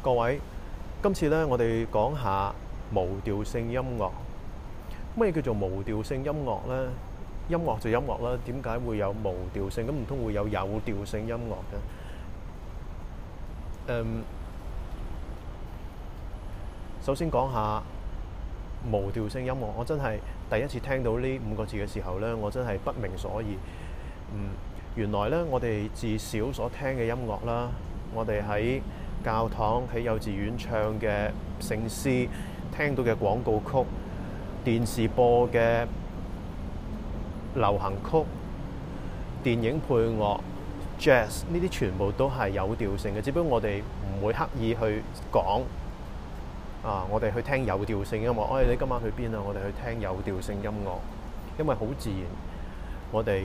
各位，今次咧，我哋講下無調性音樂。乜嘢叫做無調性音樂咧？音樂就音樂啦，點解會有無調性？咁唔通會有有調性音樂嘅？嗯，首先講下無調性音樂。我真係第一次聽到呢五個字嘅時候咧，我真係不明所以。嗯，原來咧，我哋自小所聽嘅音樂啦，我哋喺教堂喺幼稚園唱嘅聖詩，聽到嘅廣告曲、電視播嘅流行曲、電影配樂、jazz 呢啲，全部都係有調性嘅。只不過我哋唔會刻意去講啊，我哋去聽有調性音樂。哎，你今晚去邊啊？我哋去聽有調性音樂，因為好自然，我哋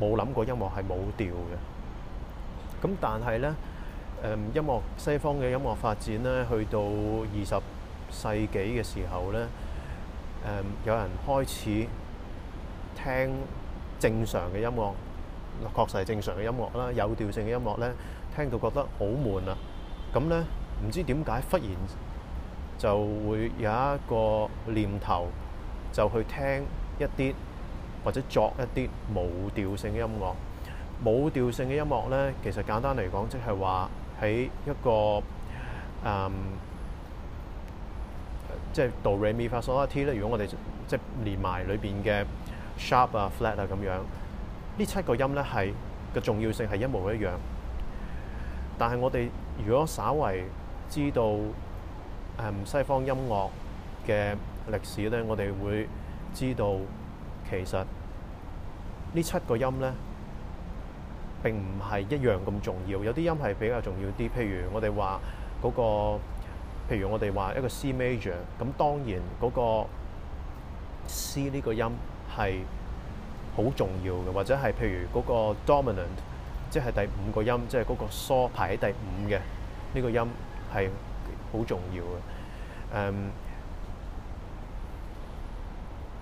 冇諗過音樂係冇調嘅。咁但係咧。音樂，西方嘅音樂發展咧，去到二十世紀嘅時候咧，有人開始聽正常嘅音樂，確實係正常嘅音樂啦。有調性嘅音樂咧，聽到覺得好悶啊。咁咧，唔知點解忽然就會有一個念頭，就去聽一啲或者作一啲冇調性嘅音樂。冇調性嘅音樂咧，其實簡單嚟講，即係話。喺一個誒，即係 do re 咪 fa sol la ti 咧。如果我哋即係連埋裏邊嘅 sharp 啊 flat 啊咁樣，呢七個音咧，係嘅重要性係一模一樣。但係我哋如果稍為知道誒、嗯、西方音樂嘅歷史咧，我哋會知道其實呢七個音咧。並唔係一樣咁重要，有啲音係比較重要啲。譬如我哋話嗰個，譬如我哋話一個 C major，咁當然嗰個 C 呢個音係好重要嘅，或者係譬如嗰個 dominant，即係第五個音，即係嗰個嗦排喺第五嘅呢個音係好重要嘅。誒、um。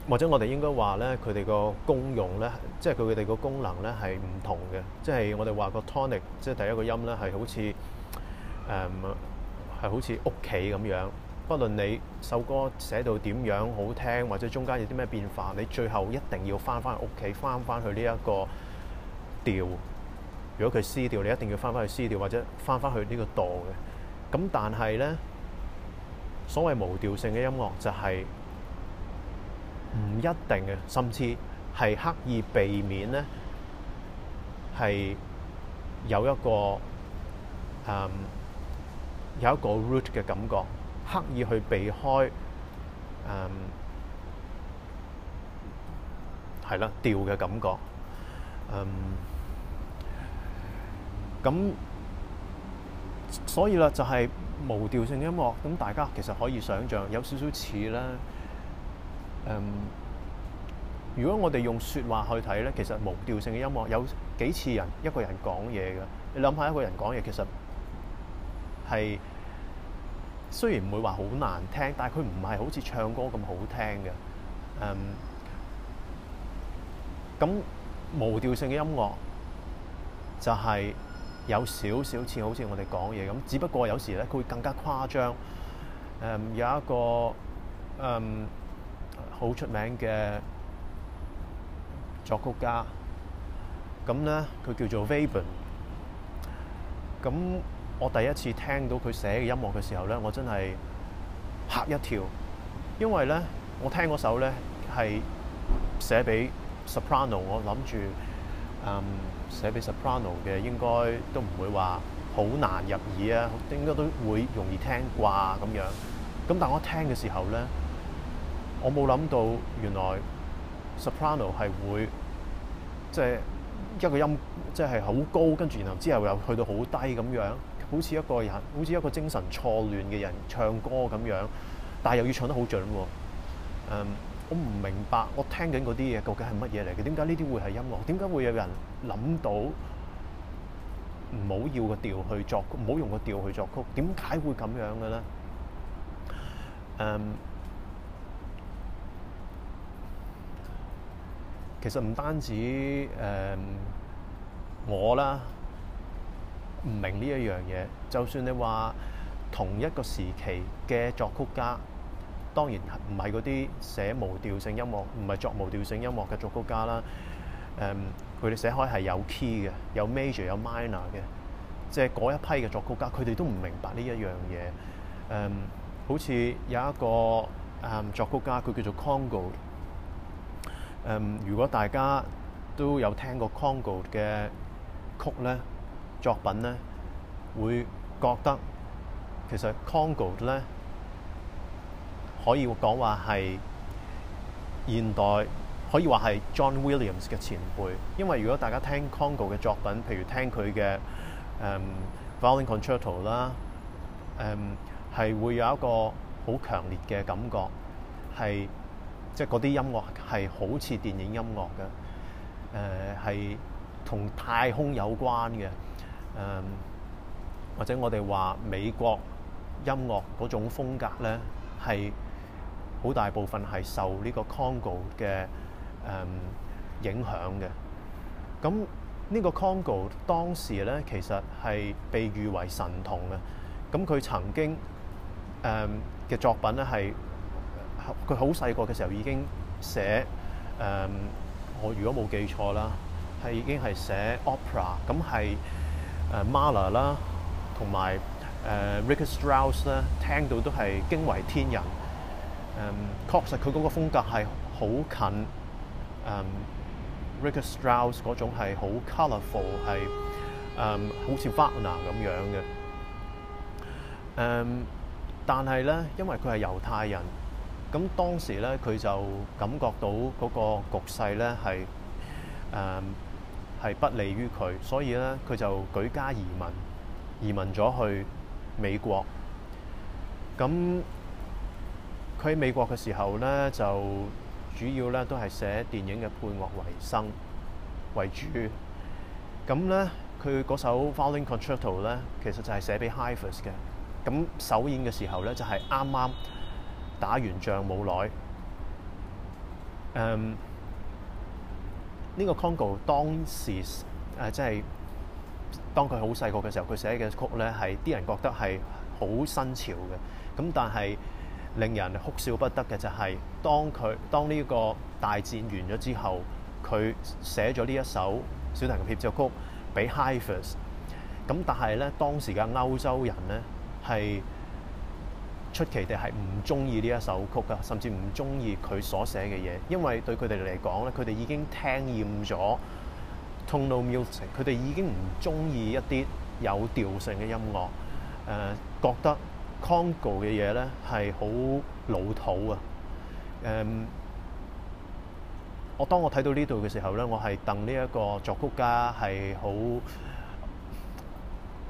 或者我哋應該話咧，佢哋個功用咧，即係佢哋個功能咧，係唔同嘅。即係我哋話個 tonic，即係第一個音咧，係、嗯、好似誒係好似屋企咁樣。不論你首歌寫到點樣好聽，或者中間有啲咩變化，你最後一定要翻翻屋企，翻翻去呢一個調。如果佢 C 調，你一定要翻翻去 C 調，或者翻翻去呢個 do 嘅。咁但係咧，所謂無調性嘅音樂就係、是。唔一定嘅，甚至係刻意避免咧，係有一個、嗯、有一個 root 嘅感覺，刻意去避開誒係啦調嘅感覺，咁、嗯、所以啦就係、是、無調性音樂，咁大家其實可以想像有少少似咧。Um, 如果我哋用説話去睇呢，其實無調性嘅音樂有幾似人一個人講嘢嘅。你諗下，一個人講嘢其實係雖然唔會話好難聽，但係佢唔係好似唱歌咁好聽嘅。咁、um, 無調性嘅音樂就係有少少似好似我哋講嘢咁，只不過有時呢，佢會更加誇張。Um, 有一個、um, 好出名嘅作曲家，咁咧佢叫做 Vivaldi。咁我第一次聽到佢寫嘅音樂嘅時候咧，我真係嚇一跳，因為咧我聽嗰首咧係寫俾 soprano，我諗住嗯，寫俾 soprano 嘅應該都唔會話好難入耳啊，應該都會容易聽啩咁樣。咁但我聽嘅時候咧。我冇諗到，原來 Soprano 係會即係、就是、一個音，即係好高，跟住然後之後又去到好低咁樣，好似一個人，好似一個精神錯亂嘅人唱歌咁樣，但係又要唱得好準喎、啊。Um, 我唔明白，我聽緊嗰啲嘢究竟係乜嘢嚟嘅？點解呢啲會係音樂？點解會有人諗到唔好要個調去作，唔好用個調去作曲？點解會咁樣嘅咧？Um, 其實唔單止、嗯、我啦，唔明呢一樣嘢。就算你話同一個時期嘅作曲家，當然唔係嗰啲寫無調性音樂，唔係作無調性音樂嘅作曲家啦。誒、嗯，佢哋寫開係有 key 嘅，有 major 有 minor 嘅，即係嗰一批嘅作曲家，佢哋都唔明白呢一樣嘢。誒、好似有一個、嗯、作曲家，佢叫做 Congo。嗯、如果大家都有聽過 Korngold 嘅曲咧，作品咧，會覺得其實 Korngold 咧，可以講話係現代，可以話係 John Williams 嘅前輩，因為如果大家聽 Korngold 嘅作品，譬如聽佢嘅嗯、Violin Concerto 啦，係、嗯嗯、會有一個好強烈嘅感覺，係。即係嗰啲音樂係好似電影音樂嘅，誒係同太空有關嘅，誒、呃、或者我哋話美國音樂嗰種風格咧係好大部分係受呢個 Korngold 嘅誒、呃、影響嘅。咁呢個 Korngold 當時咧其實係被譽為神童啊！咁佢曾經誒嘅、呃、作品咧係。是佢好細個嘅時候已經寫誒、嗯。我如果冇記錯了 a, 啦，係已經係寫 opera 咁係誒 Mala 啦，同埋誒 Richard Strauss 咧，聽到都係驚為天人。誒、嗯，確實佢嗰個風格係、嗯嗯、好近誒 Richard Strauss 嗰種係好 colourful，係誒好似 Farnah 咁樣嘅誒、嗯。但係咧，因為佢係猶太人。咁當時咧，佢就感覺到嗰個局勢咧係誒係不利於佢，所以咧佢就舉家移民移民咗去美國。咁佢喺美國嘅時候咧，就主要咧都係寫電影嘅配樂為生為主。咁咧，佢嗰首《Violin Concerto》咧，其實就係寫俾 Heifetz 嘅。咁首演嘅時候咧，就係啱啱，打完仗冇耐，誒、嗯、呢、這個 Korngold 當時誒、啊、即係當佢好細個嘅時候，佢寫嘅曲咧係啲人覺得係好新潮嘅。咁但係令人哭笑不得嘅就係、是，當佢當呢一個大戰完咗之後，佢寫咗呢一首小提琴協奏曲俾 Heifetz。咁但係咧，當時嘅歐洲人咧係，是出奇地係唔中意呢一首曲噶，甚至唔中意佢所寫嘅嘢，因為對佢哋嚟講咧，佢哋已經聽厭咗 tonal music。佢哋已經唔中意一啲有調性嘅音樂。誒，覺得 congo 嘅嘢咧係好老土啊。誒，我當我睇到呢度嘅時候咧，我係戥呢一個作曲家係好，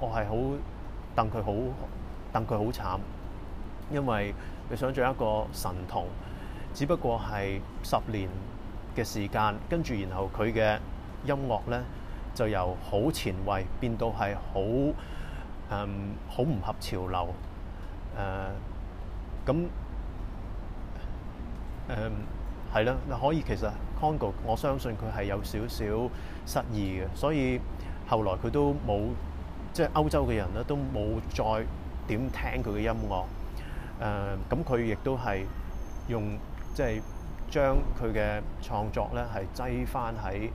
我係好戥佢好，戥佢好慘。因為你想做一個神童，只不過係十年嘅時間，跟住然後佢嘅音樂咧就由好前衛變到係好嗯好唔合潮流誒咁誒係啦。可以其實康局我相信佢係有少少失意嘅，所以後來佢都冇即係歐洲嘅人咧都冇再點聽佢嘅音樂。誒咁佢亦都係用即係將佢嘅創作咧係擠返喺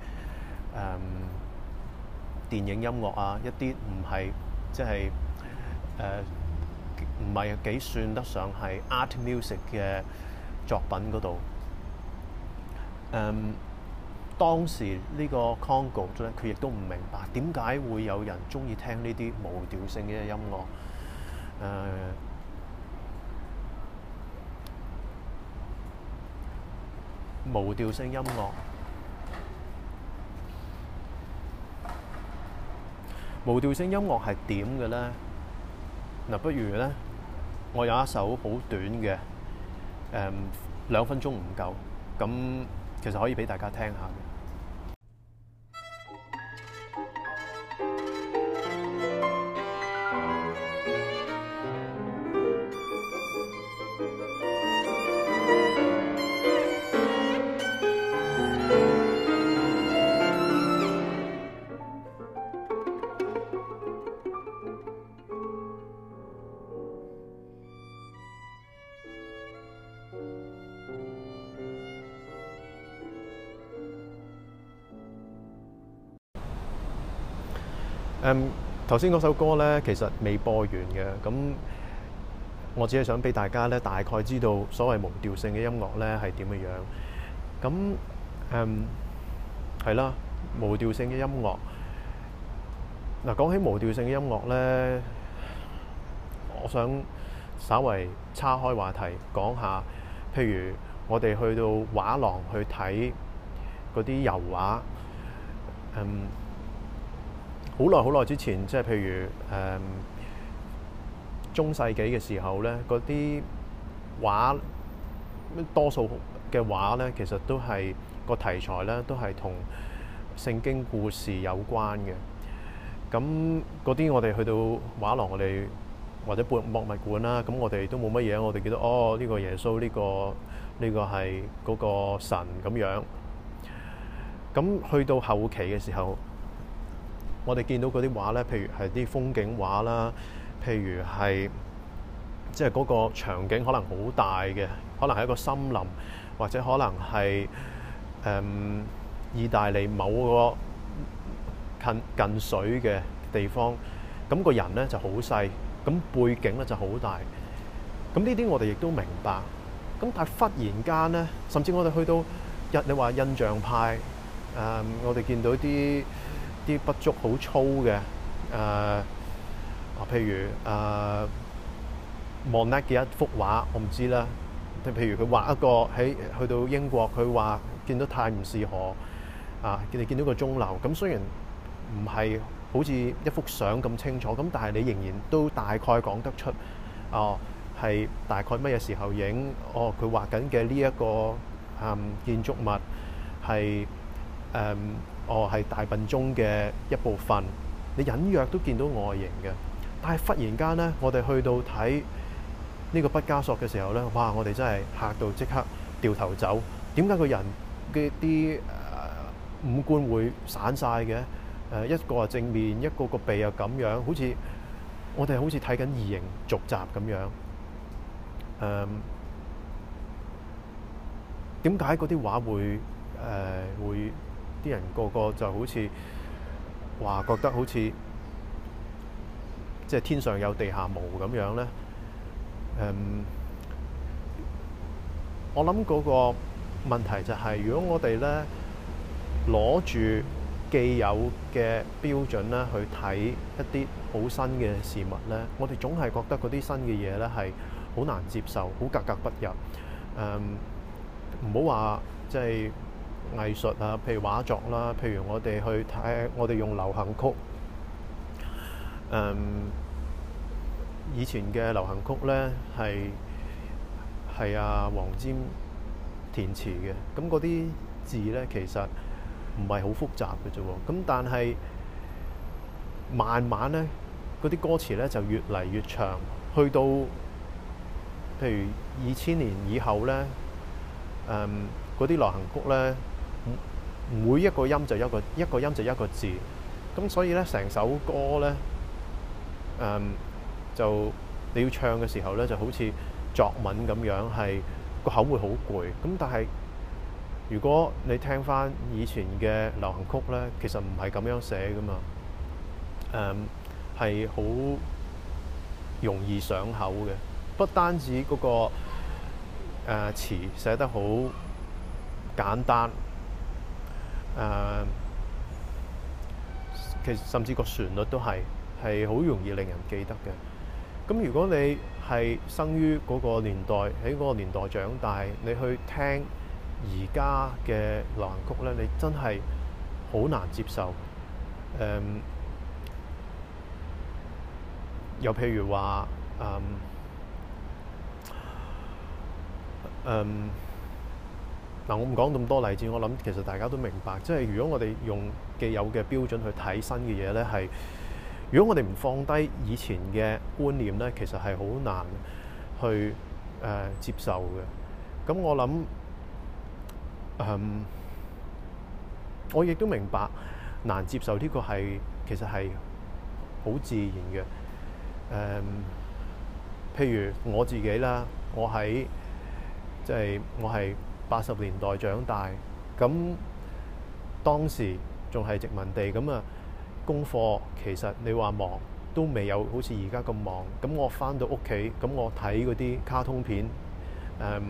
誒電影音樂啊，一啲唔係即係誒唔係幾算得上係 art music 嘅作品嗰度。誒當時呢個 Congo 咧，佢亦都唔明白點解會有人鍾意聽呢啲無調性嘅音樂。誒。無調性音樂，無調性音樂係點嘅咧？嗱，不如咧，我有一首好短嘅，誒、嗯、兩分鐘唔夠，咁其實可以畀大家聽一下。頭先嗰首歌呢，其實未播完嘅，咁我只係想俾大家呢，大概知道所謂無調性嘅音樂呢係點嘅樣的。咁誒，係啦，無調性嘅音樂。嗱，講起無調性嘅音樂呢，我想稍為岔開話題講下，譬如我哋去到畫廊去睇嗰啲油畫，嗯好耐好耐之前，即係譬如誒、嗯、中世紀嘅時候咧，嗰啲畫多數嘅畫咧，其實都係個題材咧，都係同聖經故事有關嘅。咁嗰啲我哋去到畫廊，我哋或者博物館啦，咁我哋都冇乜嘢，我哋記得哦，呢個耶穌，呢個呢個係嗰個神咁樣。咁去到後期嘅時候，我哋見到嗰啲畫咧，譬如係啲風景畫啦，譬如係即係嗰個場景可能好大嘅，可能係一個森林，或者可能係誒、嗯、意大利某個近近水嘅地方，咁、個人咧就好細，咁背景咧就好大。咁呢啲我哋亦都明白，咁但係忽然間咧，甚至我哋去到印你話印象派，誒、嗯、我哋見到啲。啲不足好粗嘅，誒，啊，譬如誒，Monet 嘅一幅畫，我唔知啦。譬如佢畫一個喺去到英國，佢話見到太唔適合，啊，你見到個鐘樓。咁雖然唔係好似一幅相咁清楚，咁但係你仍然都大概講得出，哦，係大概乜嘢時候影？哦，佢畫緊嘅呢一個啊建築物係誒。哦，係大笨鐘嘅一部分，你隱約都見到外形嘅。但係忽然間咧，我哋去到睇呢個畢加索嘅時候咧，哇！我哋真係嚇到，即刻掉頭走。點解個人嘅啲、呃、五官會散晒嘅？誒、呃、一個啊正面，一個個鼻又咁樣，好似我哋好似睇緊異形續集咁樣。誒點解嗰啲畫會誒、呃、會？啲人個個就好似話覺得好似即係天上有地下無咁樣咧，嗯，我諗嗰個問題就係，如果我哋咧攞住既有嘅標準咧去睇一啲好新嘅事物咧，我哋總係覺得嗰啲新嘅嘢咧係好難接受，好格格不入，嗯，唔好話即係。藝術啊，譬如畫作啦，譬如我哋去睇，我哋用流行曲。嗯，以前嘅流行曲咧，係係阿黃霑填詞嘅，咁嗰啲字咧，其實唔係好複雜嘅啫。咁但係慢慢咧，嗰啲歌詞咧就越嚟越長，去到譬如二千年以後咧，嗯，嗰啲流行曲咧。每一個音就一個一個音就一個字，咁所以咧，成首歌咧，誒，就你要唱嘅時候咧，就好似作文咁樣，係個口會好攰。咁但係如果你聽翻以前嘅流行曲咧，其實唔係咁樣寫㗎嘛，誒，係好容易上口嘅。不單止嗰個誒詞寫得好簡單。誒，uh, 其實甚至個旋律都係係好容易令人記得嘅。咁如果你係生於嗰個年代，喺嗰個年代長大，你去聽而家嘅流行曲咧，你真係好難接受。誒，又譬如話，誒、um, um,，嗱，我唔講咁多例子，我諗其實大家都明白，即係如果我哋用既有嘅標準去睇新嘅嘢咧，係如果我哋唔放低以前嘅觀念咧，其實係好難去誒、呃、接受嘅。咁我諗，嗯，我亦都明白難接受呢個係其實係好自然嘅。誒、嗯，譬如我自己啦，我喺即係我係，八十年代長大，咁當時仲係殖民地，咁啊功課其實你話忙都未有，好似而家咁忙。咁我返到屋企，咁我睇嗰啲卡通片，誒、嗯，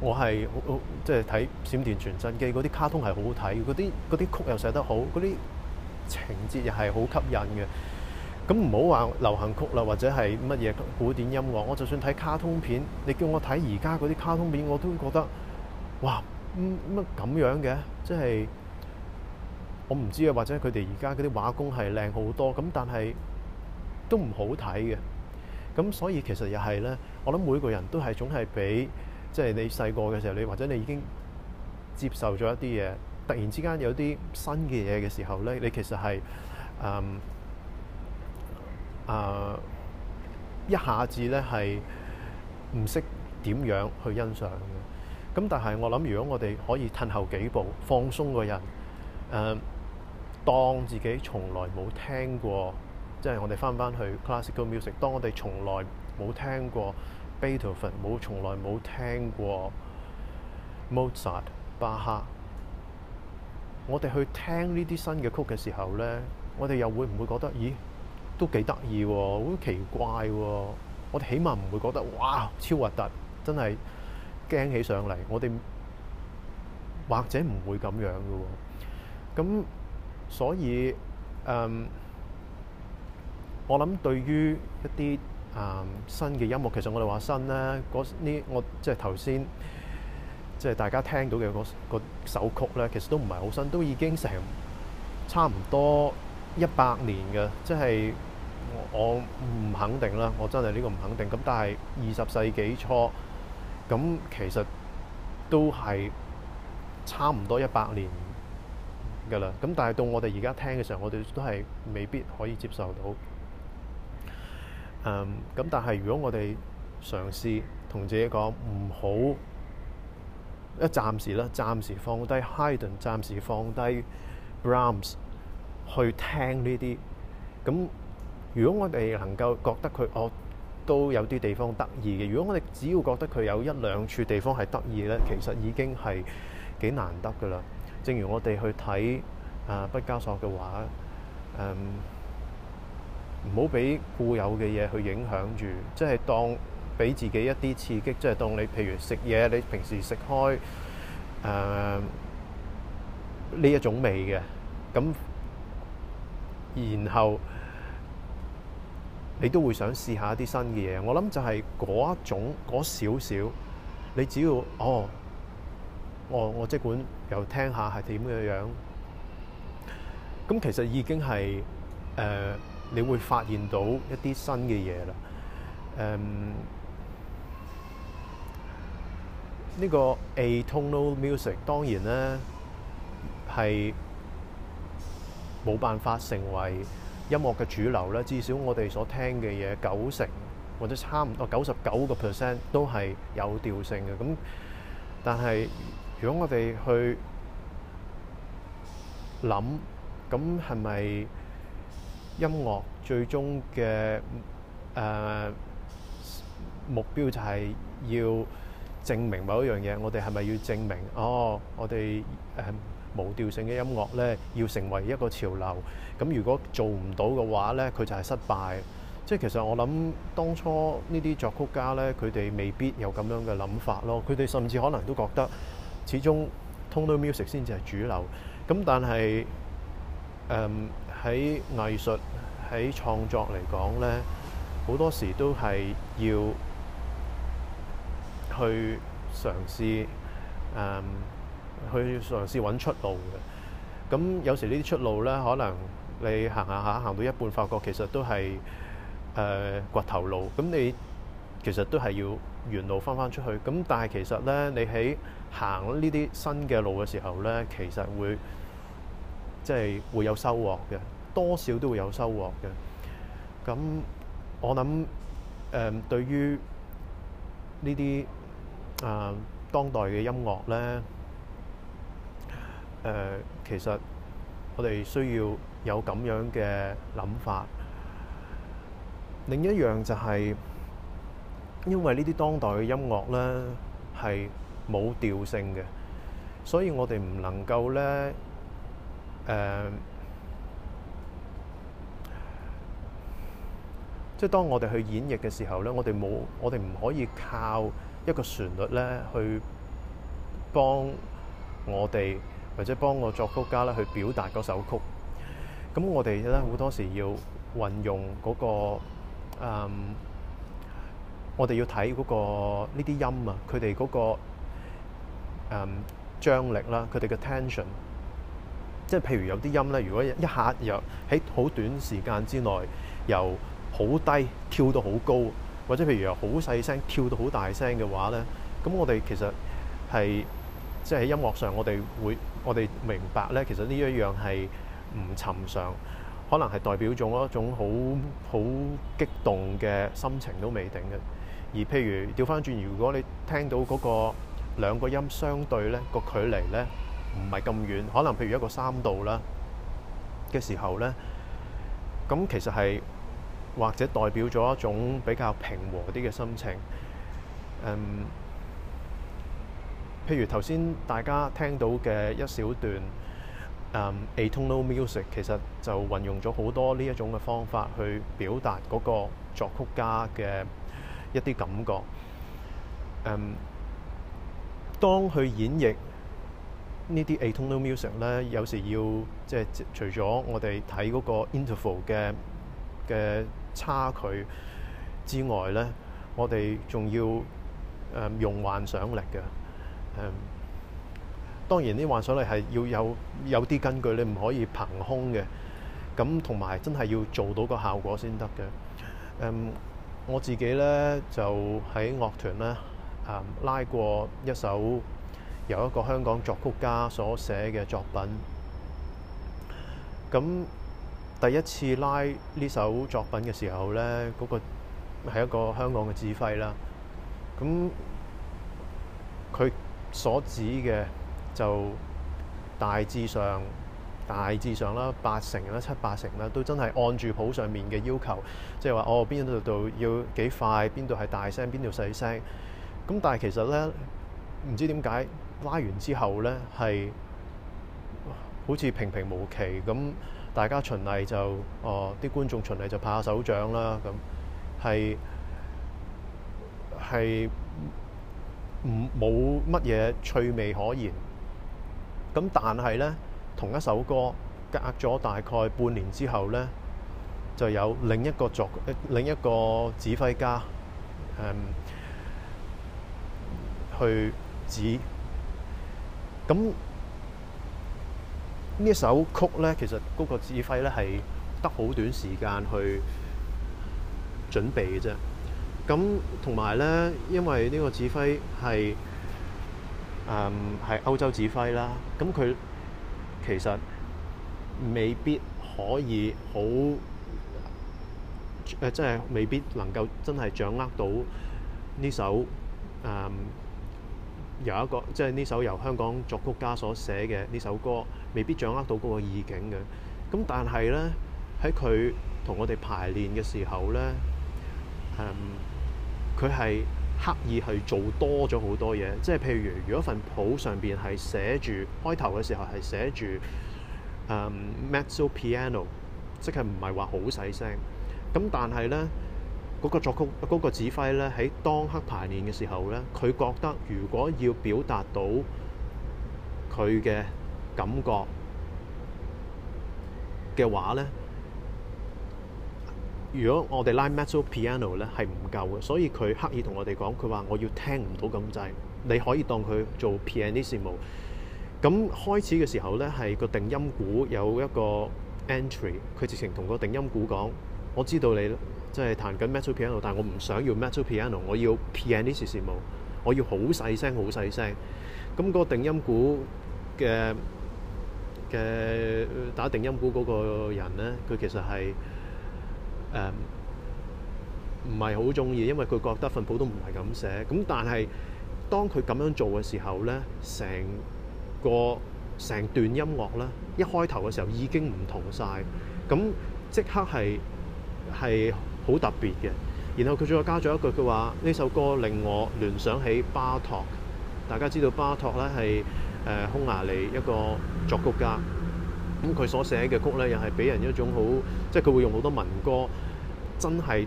我係好即係睇就是、《閃電傳真機》嗰啲卡通係好好睇，啲嗰啲曲又寫得好，嗰啲情節又係好吸引嘅。咁唔好話流行曲啦，或者係乜嘢古典音樂。我就算睇卡通片，你叫我睇而家嗰啲卡通片，我都覺得，哇，乜咁樣嘅，即係我唔知啊。或者佢哋而家嗰啲畫工係靚好多。咁但係都唔好睇嘅。咁所以其實又係咧，我諗每個人都係總係俾，即係你細個嘅時候你，你或者你已經接受咗一啲嘢，突然之間有啲新嘅嘢嘅時候咧，你其實係，嗯誒、呃、一下子咧係唔識點樣去欣賞嘅，咁但係我諗，如果我哋可以褪後幾步，放鬆個人，誒、呃，當自己從來冇聽過，即係我哋翻返去 classical music，當我哋從來冇聽過 Beethoven，冇從來冇聽過 Mozart、巴哈，我哋去聽呢啲新嘅曲嘅時候咧，我哋又會唔會覺得，咦？都幾得意喎，好奇怪喎！我哋起碼唔會覺得哇超核突，真係驚起上嚟。我哋或者唔會咁樣嘅喎。咁所以誒、嗯，我諗對於一啲誒、嗯、新嘅音樂，其實我哋話新咧，呢我即係頭先即係大家聽到嘅、那個首曲咧，其實都唔係好新，都已經成差唔多。一百年嘅，即係我唔肯定啦，我真係呢個唔肯定。咁但係二十世紀初，咁其實都係差唔多一百年嘅啦。咁但係到我哋而家聽嘅時候，我哋都係未必可以接受到。咁、嗯、但係如果我哋嘗試同自己講唔好，一暫時啦，暫時放低 Haydn，e 暫時放低 Brahms，去聽呢啲咁，如果我哋能夠覺得佢，哦都有啲地方得意嘅。如果我哋只要覺得佢有一兩處地方係得意咧，其實已經係幾難得噶啦。正如我哋去睇誒畢加索嘅話，唔好俾固有嘅嘢去影響住，即係當俾自己一啲刺激，即係當你譬如食嘢，你平時食開呢、呃、一種味嘅咁。嗯然後你都會想試下一啲新嘅嘢，我諗就係嗰一種嗰少少，你只要哦、哦，我我即管又聽下係點嘅樣，咁其實已經係誒、呃，你會發現到一啲新嘅嘢啦。誒、嗯，呢、這個 atonal music 當然咧係，是冇辦法成為音樂嘅主流咧，至少我哋所聽嘅嘢九成或者差唔多九十九個 percent 都係有調性嘅。咁，但係如果我哋去諗，咁係咪音樂最終嘅誒目標就係要證明某一樣嘢？我哋係咪要證明？哦，我哋誒。無調性嘅音樂咧，要成為一個潮流，咁如果做唔到嘅話咧，佢就係失敗。即係其實我諗，當初呢啲作曲家咧，佢哋未必有咁樣嘅諗法咯。佢哋甚至可能都覺得，始終 tonal music 先至係主流。咁但係，誒喺藝術喺創作嚟講咧，好多時都係要去嘗試，誒。去嘗試揾出路嘅。咁有時呢啲出路咧，可能你行下下行到一半，發覺其實都係誒掘頭路咁。你其實都係要原路翻翻出去咁。但係其實咧，你喺行呢啲新嘅路嘅時候咧，其實會即係會有收穫嘅，多少都會有收穫嘅。咁我諗誒，對於呢啲啊當代嘅音樂咧。誒、呃，其實我哋需要有咁樣嘅諗法。另一樣就係、是，因為呢啲當代嘅音樂咧係冇調性嘅，所以我哋唔能夠咧，誒、呃，即、就、係、是、當我哋去演繹嘅時候咧，我哋冇我哋唔可以靠一個旋律咧去幫我哋。或者幫我作曲家咧去表達嗰首曲，咁我哋咧好多時要運用嗰個，嗯、我哋要睇嗰個呢啲音啊，佢哋嗰個，嗯，張力啦，佢哋嘅 tension，即係譬如有啲音咧，如果一下由喺好短時間之內由好低跳到好高，或者譬如由好細聲跳到好大聲嘅話咧，咁我哋其實係即係喺音樂上我哋會。我哋明白咧，其實呢一樣係唔尋常，可能係代表咗一種好好激動嘅心情都未定嘅。而譬如調翻轉，如果你聽到嗰個兩個音相對咧個距離咧唔係咁遠，可能譬如一個三度啦嘅時候咧，咁其實係，或者代表咗一種比較平和啲嘅心情。誒。譬如頭先大家聽到嘅一小段誒、um, atonal music，其實就運用咗好多呢一種嘅方法去表達嗰個作曲家嘅一啲感覺。誒、um，當去演繹這些呢啲 atonal music 咧，有時要即係、就是、除咗我哋睇嗰個 interval 嘅嘅差距之外咧，我哋仲要誒、um, 用幻想力嘅。誒，當然呢幻想你係要有有啲根據，你唔可以憑空嘅。咁同埋真係要做到個效果先得嘅。我自己呢，就喺樂團呢，拉過一首由一個香港作曲家所寫嘅作品。咁第一次拉呢首作品嘅時候呢，嗰個係一個香港嘅指揮啦。咁佢所指嘅就大致上、大致上啦，八成啦、七八成啦，都真係按住譜上面嘅要求，即係話哦，邊一度要幾快，邊度係大聲邊度細聲，咁但係其實咧，唔知點解拉完之後咧，係好似平平無奇咁，大家循例就哦啲、呃、觀眾循例就拍下手掌啦，咁係，係。唔，冇乜嘢趣味可言，咁但係呢，同一首歌隔咗大概半年之後呢，就有另一個作，另一個指揮家，嗯，去指，咁呢首曲呢，其實嗰個指揮呢，係得好短時間去準備嘅啫。咁同埋咧，因為呢個指揮係、嗯、係歐洲指揮啦，咁佢其實未必可以好，即係未必能夠真係掌握到呢首誒由、嗯、一個即係呢首由香港作曲家所寫嘅呢首歌，未必掌握到嗰個意境嘅。咁但係咧，喺佢同我哋排練嘅時候咧，嗯佢係刻意去做多咗好多嘢，即係譬如，如果份譜上邊係寫住，開頭嘅時候係寫住誒 mezzo piano，即係唔係話好細聲，咁但係呢，嗰個作曲，嗰個指揮呢，喺當刻排練嘅時候呢，佢覺得如果要表達到佢嘅感覺嘅話呢，如果我哋拉 metal piano 咧，係唔夠嘅，所以佢刻意同我哋講，佢話我要聽唔到咁滯，你可以當佢做 pianissimo。咁開始嘅時候咧，係個定音鼓有一個 entry，佢直情同個定音鼓講，我知道你即係彈緊 metal piano，但係我唔想要 metal piano，我要 pianissimo，我要好細聲，好細聲。咁個定音鼓嘅嘅打定音鼓嗰個人咧，佢其實係。誒，唔係好中意，因為佢覺得份譜都唔係咁寫。咁但係當佢咁樣做嘅時候咧，成個成段音樂咧，一開頭嘅時候已經唔同晒，咁即刻係係好特別嘅。然後佢再加咗一句佢話：呢首歌令我聯想起巴托。大家知道巴托咧係誒匈牙利一個作曲家。咁佢所寫嘅曲咧，又係俾人一種好，即係佢會用好多民歌，真係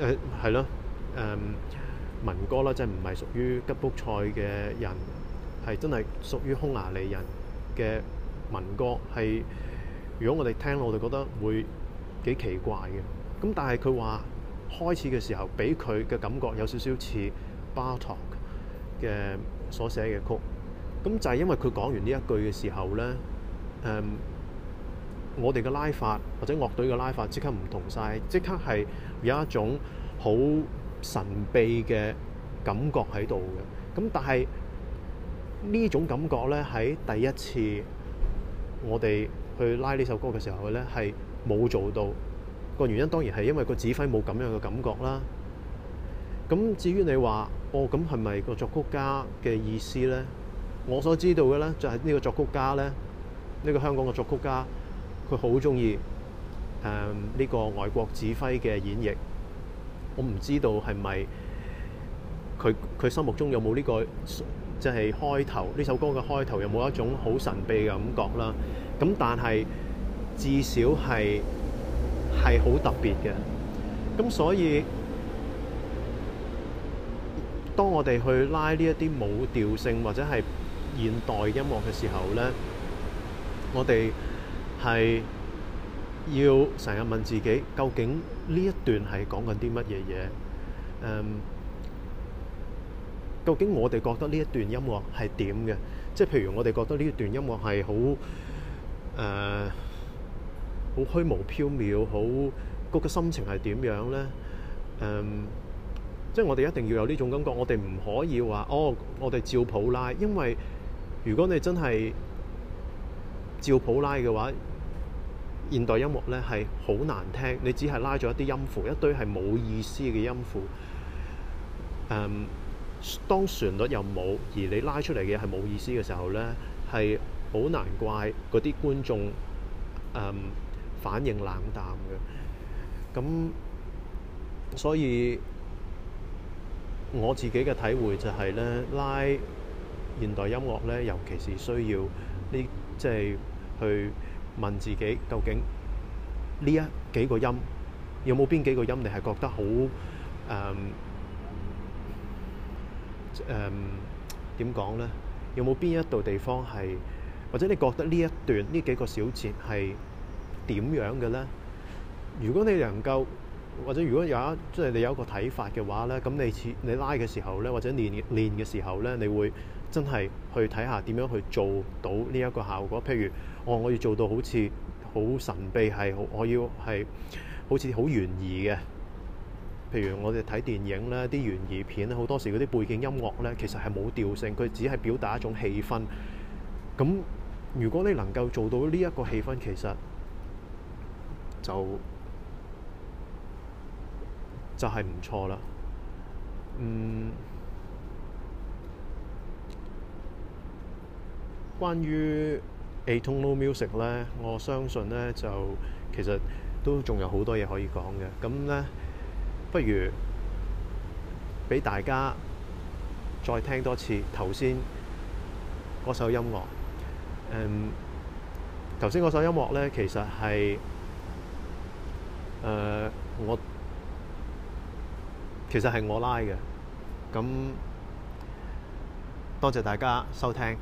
誒係咯，誒、呃、民、嗯、歌啦，即係唔係屬於吉卜賽嘅人，係真係屬於匈牙利人嘅民歌。係如果我哋聽，我哋覺得會幾奇怪嘅。咁但係佢話開始嘅時候，俾佢嘅感覺有少少似巴托嘅所寫嘅曲。咁就係因為佢講完呢一句嘅時候咧。誒，um, 我哋嘅拉法或者樂隊嘅拉法即刻唔同晒，即刻係有一種好神秘嘅感覺喺度嘅。咁但係呢種感覺咧，喺第一次我哋去拉呢首歌嘅時候咧，係冇做到。個原因當然係因為個指揮冇咁樣嘅感覺啦。咁至於你話，哦咁係咪個作曲家嘅意思咧？我所知道嘅咧，就係、是、呢個作曲家咧。呢個香港嘅作曲家，佢好中意誒呢個外國指揮嘅演繹。我唔知道係咪佢佢心目中有冇呢個，即係開頭呢首歌嘅開頭有冇一種好神秘嘅感覺啦？咁但係至少係係好特別嘅。咁所以當我哋去拉呢一啲冇調性或者係現代音樂嘅時候咧。我哋係要成日問自己，究竟呢一段係講緊啲乜嘢嘢？嗯，究竟我哋覺得呢一段音樂係點嘅？即係譬如我哋覺得呢段音樂係好誒，好、呃、虛無縹緲，好個個心情係點樣呢？嗯、即係我哋一定要有呢種感覺。我哋唔可以話哦，我哋照譜啦，因為如果你真係照普拉嘅話，現代音樂呢，係好難聽，你只係拉咗一啲音符，一堆係冇意思嘅音符。嗯，當旋律又冇，而你拉出嚟嘅係冇意思嘅時候呢，係好難怪嗰啲觀眾嗯，反應冷淡嘅。咁所以我自己嘅體會就係呢，拉現代音樂呢，尤其是需要你，即係。去問自己究竟呢一幾個音有冇邊幾個音你係覺得好誒誒點講咧？有冇邊一度地方係或者你覺得呢一段呢幾個小節係點樣嘅咧？如果你能夠或者如果有一，即係你有一個睇法嘅話咧，咁你似你拉嘅時候咧，或者練練嘅時候咧，你會。真係去睇下點樣去做到呢一個效果？譬如我、哦、我要做到好似好神秘係好，我要係好似好懸疑嘅。譬如我哋睇電影咧，啲懸疑片咧，好多時嗰啲背景音樂咧，其實係冇調性，佢只係表達一種氣氛。咁如果你能夠做到呢一個氣氛，其實就就係、是、唔錯啦。嗯。關於 atonal music 咧，我相信咧就其實都仲有好多嘢可以講嘅。咁咧，不如俾大家再聽多次頭先嗰首音樂。嗯，頭先嗰首音樂咧、呃，其實係誒我其實係我拉嘅。咁多謝大家收聽。